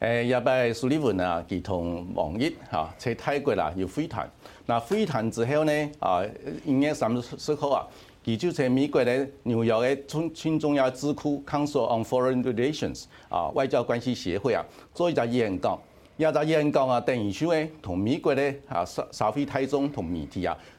誒，入拜蘇利文啊，佢同王毅嚇在泰國啦，有會談。嗱會談之後呢，啊，三十四號啊，佢就喺美國咧紐約嘅中中中央智庫 Council on Foreign Relations 啊外交關係協會啊做一場演講。一場演講啊，等於說咧同美國咧嚇社會大眾同媒體啊。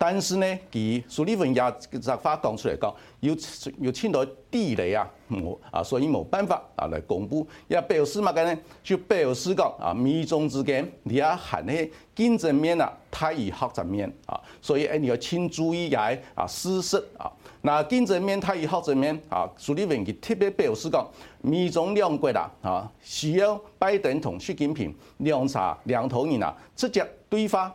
但是呢，佢蘇立文廿扎話講出來，講要要穿到地雷啊，我啊，所以沒辦法啊來公布。一表示嘛嘅呢就表示講啊，美中、啊啊、之間你啊含個競爭面啊合作面啊，所以誒你要請注意下啊事實啊。那競爭面合作面啊，蘇立、啊啊啊、文給特別表示講，美中兩國啦啊，啊，需要拜登同習近平兩茶兩頭人啊直接對話。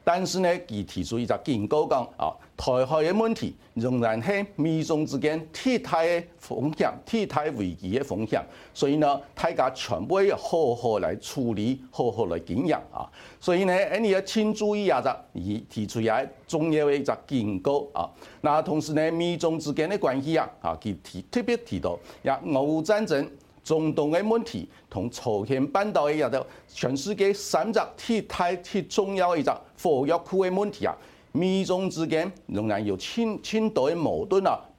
但是呢，佢提出一個警告，講啊，台海的問題仍然係美中之間替代嘅風險，替代危機嘅風險。所以呢，大家全部要好好來處理，好好來經營啊。所以呢，要你要請注意一、啊、下，佢提出一重要嘅一個警告啊。那同時呢，美中之間嘅關係啊，啊，佢提特別提到也俄烏戰爭。中東的問題同朝鮮半島的，也著全世界三隻最大最重要一個火藥庫的問題啊，美中之間仍然有千千多的矛盾啊。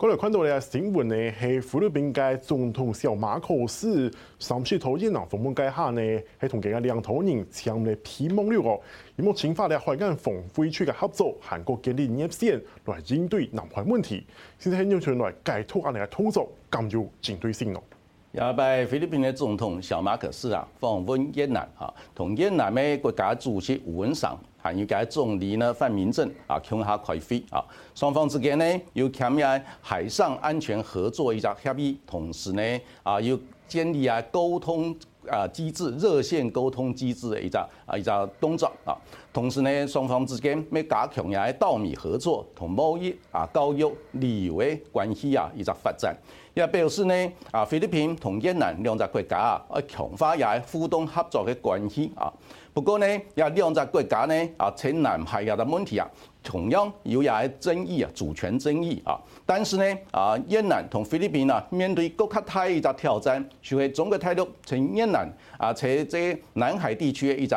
過來看到嘅新聞咧，係菲律賓嘅總統小馬可仕上士途越南訪問街下呢，喺同幾間兩頭人搶嚟批望了哦。希望引發咧海間防非區嘅合作，韓國建立聯線來應對南海問題，甚至係要傳來界土嘅嚟操作，更有針對性咯。而拜菲律賓嘅總統小馬可仕啊，訪問越南吓、啊，同越南嘅國家主席武文賞。啊！要加總理呢范明政啊，強下開會啊！雙方之間呢，又簽約海上安全合作一個協議，同時呢，啊又建立啊溝通啊機制，熱線溝通機制嘅一個啊一個動作啊！同時呢，雙方之間要加強下稻米合作同貿易啊、教育、旅遊嘅關係啊，一個發展。也表示呢，啊，菲律賓同越南兩隻國家啊強化也互動合作的關係啊。不過呢，有兩隻國家呢，啊，在南海的隻問題啊，同樣有也爭議啊，主權爭議啊。但是呢，啊，越南同菲律賓啊，面對國家太一個挑戰，就係中國大陸，在越南啊，在這南海地區嘅一個。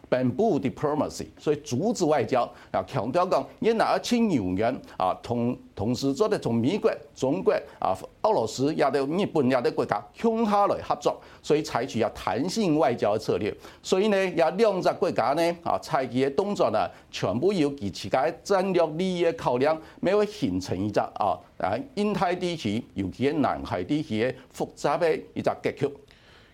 bamboo diplomacy，所以竹子外交啊，強調講你哪要傾友人啊，同同時做啲從美國、中國、啊、俄羅斯、亞洲日本亞洲國家向下來合作，所以採取要彈性外交嘅策略。所以呢，有兩隻國家呢啊，採取嘅動作呢，全部由其自己戰略利益嘅考量，冇形成一隻啊啊，印太地區，尤其係南海地區複雜嘅，一隻結構。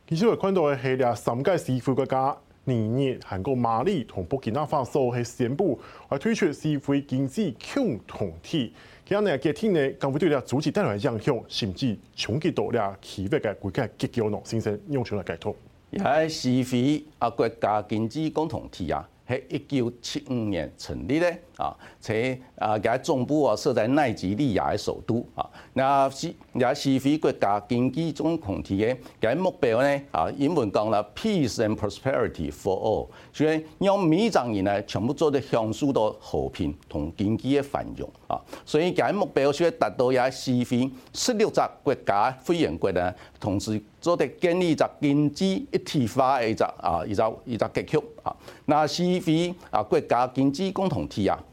其實我看到嘅係啲啊，三個西非國家。年韓國馬里同布吉納法索宣布，話推出西非經濟共同體今呢。今日嘅天氣，政府對你啊，組織帶來嘅影響，甚至衝擊到你啊，區域嘅國家結構。王先生用上嚟解讀。係西非啊，國家經濟共同體啊，係一九七五年成立啊！且啊，佢喺總部啊，設在奈及利亞的首都啊。嗱，是嗱，西非國家經濟共同體嘅，的，喺目標呢？啊，英文講啦，peace and prosperity for all，所以讓每一年呢，全部做得享受到和平同經濟的繁榮。啊。所以佢目標需要達到也是西非十六隻國家會員國啊，同時做得建立一個經濟一體化的一個啊一個一個格局啊。嗱，西非啊國家經濟共同體啊。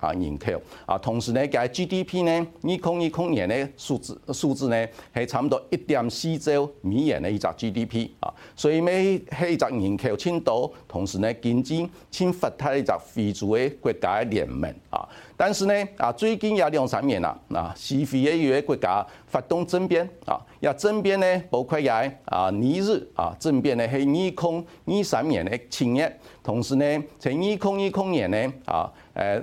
啊人口，啊同時呢，嘅 GDP 呢，二零二零年咧數字數字呢，係差唔多一點四兆美元的一隻 GDP 啊，所以呢，係一隻人口遷到，同時呢，見之遷發泰一隻非洲嘅國家聯盟啊，但是呢，啊最近也兩三年啦，啊，啊西非嘅一啲國家發動政變啊，又，啊、政變呢，包括嘅啊尼日，日啊政變咧係二零二三年咧七月，同時呢，喺二零二零年呢，啊誒。欸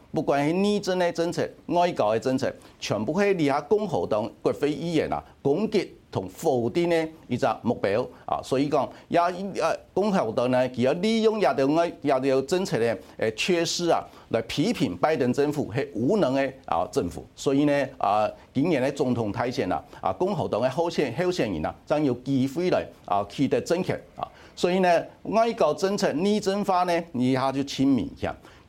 不管係內政嘅政策、外交的政策，全部喺啲下共和黨國非議員啊，攻擊同否定呢一個目標。啊，所以講，也誒共和黨呢，佢利用一啲咁嘅一政策咧缺失啊，來批評拜登政府係無能誒啊政府，所以呢啊今年的總統大選啊，啊共和黨的候選候選人啊，將有機會來啊取得政權。啊，所以呢外交政策、內政法呢，你他就清明下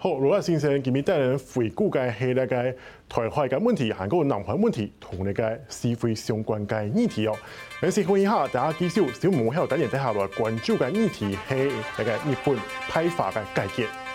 好，羅亞先生今日帶嚟回顧嘅係呢個台海嘅問題，還嗰南海問題，同呢個西非相關嘅議題哦。嚟先看一下，大家繼續。小武喺度等住睇下落關注嘅議題，係呢個日本派發的解決。